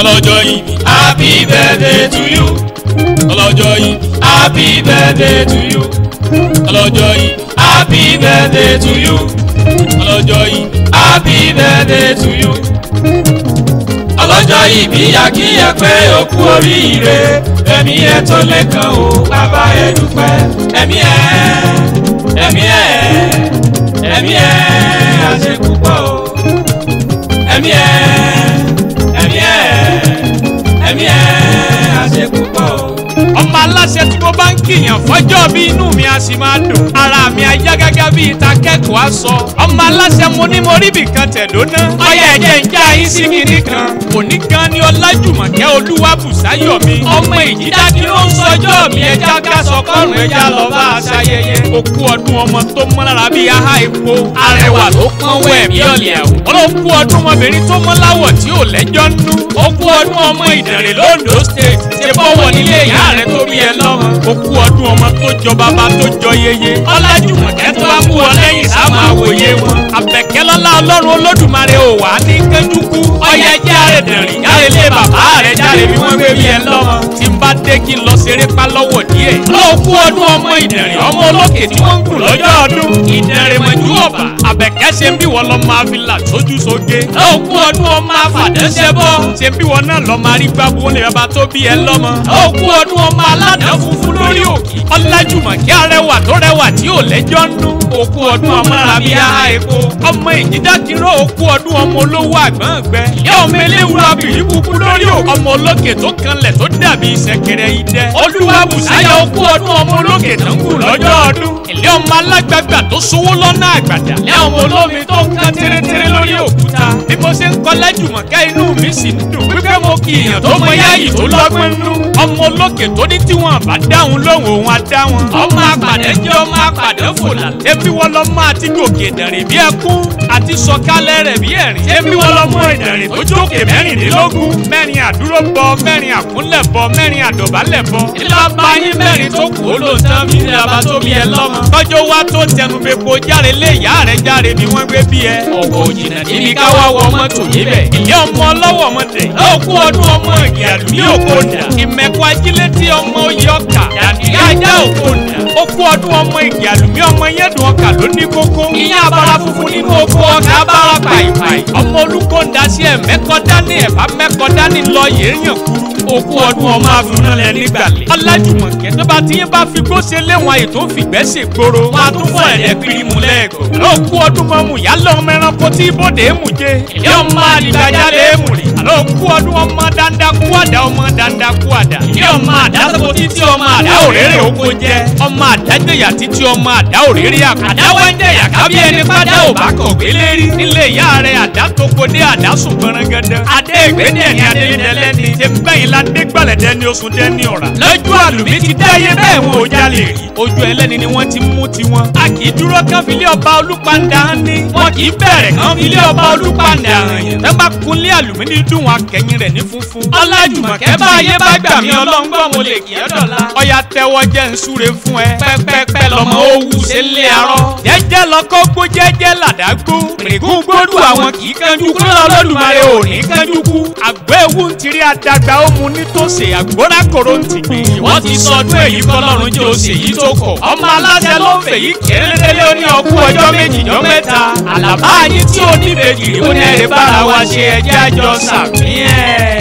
ọlọ́jọ́ yìí happy birthday to you. ọlọ́jọ́ yìí. happy birthday to you. ọlọ́jọ́ yìí. happy birthday to you. ọlọ́jọ́ yìí. happy birthday to you. ọlọ́jọ́ yìí bí akíyẹ pé ó kú oríire ẹ̀mí ẹ̀ tó lẹ́kàn o bàbá ẹ̀ dúpẹ́ ẹ̀mí ẹ̀. kíyàn fọjọ́ bí inú mi a sì máa dùn ara mi a yá gágá bí ìta kẹ́kọ̀ọ́ á sọ ọmọ aláṣẹ mo ní mo rí bìkan tẹ̀dó ná ọyẹ ẹ̀jẹ̀ ń já yín sí mi nìkan òní gan ni ọlájùmọ̀kẹ́ olúwàbùsáyọ̀ mi ọmọ ìjìdá kí ló ń sọjọ́ mi ẹja ká sọ kọ́rùn ẹja lọ bá a ṣayẹyẹ okú ọdún ọmọ tó mọ́ lára bíi aha epo arẹwà tó pọ́n wẹ̀ mí ọ̀lẹ̀ àwọ̀ olókú ọdún ọmọbìnrin tó mọ́ láwọ̀ tí ò lẹ́jọ́ nú okú ọdún ọmọ ìdànrè lóńdó ọmọ tó jọ bàbá tó jọ yeye. ọlájú mọ̀kẹ́ tó bá mú ọ lẹ́yìn sá máa wòye wọn. àbẹ̀kẹ́lọ́lá ọlọ́run olódùmarè ò wá ní kánjú kú. ọyẹ jẹ́ àrẹ̀dẹ̀rìn jáde lé bàbá rẹ̀ jáde bí wọ́n gbé ẹ lọ́mọ. tí n bá dé kí n lọ ṣeré pa lọ́wọ́ díẹ̀. lọ́ọ̀kú ọdún ọmọ ìdẹ̀rìn ọmọ olókè tí wọ́n ń kù lọ́jọ́ ọdún. ìdẹ̀rìn mọ̀jú ọ̀bà àbẹ̀kẹ́ ṣe bí wọ́n lọ máa fi là sójú sóge. ogún ọdún ọ máa fàdẹ́sẹ̀ bọ́. ṣe bí wọn náà lọ máa rí gbàgbó ní bàbá tó bí ẹ lọ́mọ. ogún ọdún ọ máa ládàá funfun lórí òkè. ọlájùmọ̀ kí arẹwà tó rẹwà tí ò lẹ́jọ́ ń dún. ogún ọdún ọmọ rabi aha epo. ọmọ ìjìdákiró ogún ọdún ọmọ olówó àgbọ̀n gbẹ. ìyá ọmọ eléwúrọ̀ bìrì kúkú ló Bello ọmọ olókè tó kanlẹ̀ tó dàbí ìṣẹ̀kẹ̀rẹ̀ idẹ. Olúwabùsáyà okú ọdún ọmọ olókè tó ń gùn lọ́jọ́ ọdún. Ilé ọmọ alágbàgbà tó sówó lọ́nà àgbàdà. Ilé ọmọ olómi tó ń ká térétéré lórí òkúta mo ṣe ń kọ lájùmọ̀kẹ́ inú mi sì ń dùn wípé mo kì í yàn tó mọ yáyì tó lọ́gbọ́n nú. ọmọ olókè tó ní tí wọn bá dáhùn lóhùn òun á dáhùn. ọmọ àpàdé jẹ́ ọmọ àpàdé fòlà. èmi wọ́n lọ mọ àti gòkè dẹ̀rẹ̀ bí ẹkún àti sọ̀kalẹ̀ rẹ̀ bí ẹ̀rín. èmi wọ́n lọ mọ ìdẹ̀rẹ̀ tó jókè mẹ́rìndínlógún. mẹ́rin àdúró bọ mẹ́rin àkúnlẹ̀ bọ mẹ́rin àdọ̀bálẹ̀ bọ. ìlàbà yín mẹ́rin tó kù ó lò tán mi ìlàbà tó bí ẹ lọ́mọ. tọ́jú wa tó tẹnu bẹ́ẹ̀ kó járe lé ìyá rẹ̀ járe bí wọ́n gbé bí ẹ. ọ̀pọ̀ òjìnà níbi káwá wọ ọmọ tò níbẹ̀. ìyá ọmọ ọlọ́wọ́ ọmọ tẹ̀. ogún ọdún ọmọ ìgbìyànjú ní òkòdà. ìmẹ̀kọ ajílẹ̀ tí ọmọ oyè kú ọdún ọmọ ìgì àlùmí ọmọ yẹ́dùn ọkà ló ní kókó. ìyá abala funfun nínú oko ọkà abala pàìpàì. ọmọ olúkọ ń daṣí ẹ̀ mẹ́kọ dání ẹ̀ bá mẹ́kọ dání lọ yéèyàn kú. okú ọdún ọmọ afunilẹ̀ nígbàlẹ̀. ọlájùmọ̀kẹ́ tó bá ti yín bá fi gbóṣe léwọn ètò fìgbẹ́ ṣe gbòòrò. wàá tún fọ ẹ̀dẹ̀ pirimu lẹ́ẹ̀kọ́. lóòkú ọdún mọ́mú yálẹ̀ ọmọ ẹranko tí ibodè é mú jẹ ọmọ àdá sọ́kò títí ọmọ àdá òrèrè oko jẹ. ọmọ àdá jẹyà títí ọmọ àdá òrèrè àkọ́. àdá wá ń jẹyà kábí ẹni pádà ò bá kọ̀ gbé lérí. nílé ìyá rẹ̀ àdá tó kó dé àdá sùn gbọ̀nrẹ́gẹ́dẹ́. adé ìgbéni ẹni adélédélé ni. ṣé bẹ́yìn la dé gbalẹ̀ dẹni oṣù dẹni ọ̀rà. lójú àlùmí ti dáyé bẹ́ẹ̀ wọn ò jalè rí. ojú ẹlẹ́ni ni wọ́n ti mú tiwọn. a kì í dúró kán filé ọba olúpàndà ń ní. wọn kì í bẹ̀rẹ̀ kán filé ọba olúpàndà ń yẹn. tẹ́ kunlé àlùmí ní dùn wọn akẹ́yìn rẹ̀ ní funfun. ọlájùmọ̀kẹ́ bá ayé bá gbà mí ọlọ́ bọ́lọ̀ ń gbọ́ mo lè kí ẹ dọ̀la. ọya tẹ́wọ́ jẹ́ ń súre fún ẹ. pẹ́pẹ́pẹ́ lọ́mọ ó wù sí ilé arọ. jẹ́jẹ́ lọ́kọ́ gbó jẹ́jẹ́ làdágbó. rìngún gbódù àwọn kì í kánjú kú. lọ́la olódùmarè ò ní kánjú kú. àgbẹ̀ ewu ń tiri adagba ó mu nítòsí àgbóná koro ń ti gbìn. wọ́n ti sọdún èyí kọ́lọ́run jẹ́ oṣù èyí tó kọ̀. ọmọ aláṣẹ ló ń fè yí kérédélé ó ní ọkú ọjọ́ méjì mẹ́ta. àlàbáyé tí ó ní méjì ó ní bára wa ṣe ẹjẹ́ àjọ sàmí ẹ̀.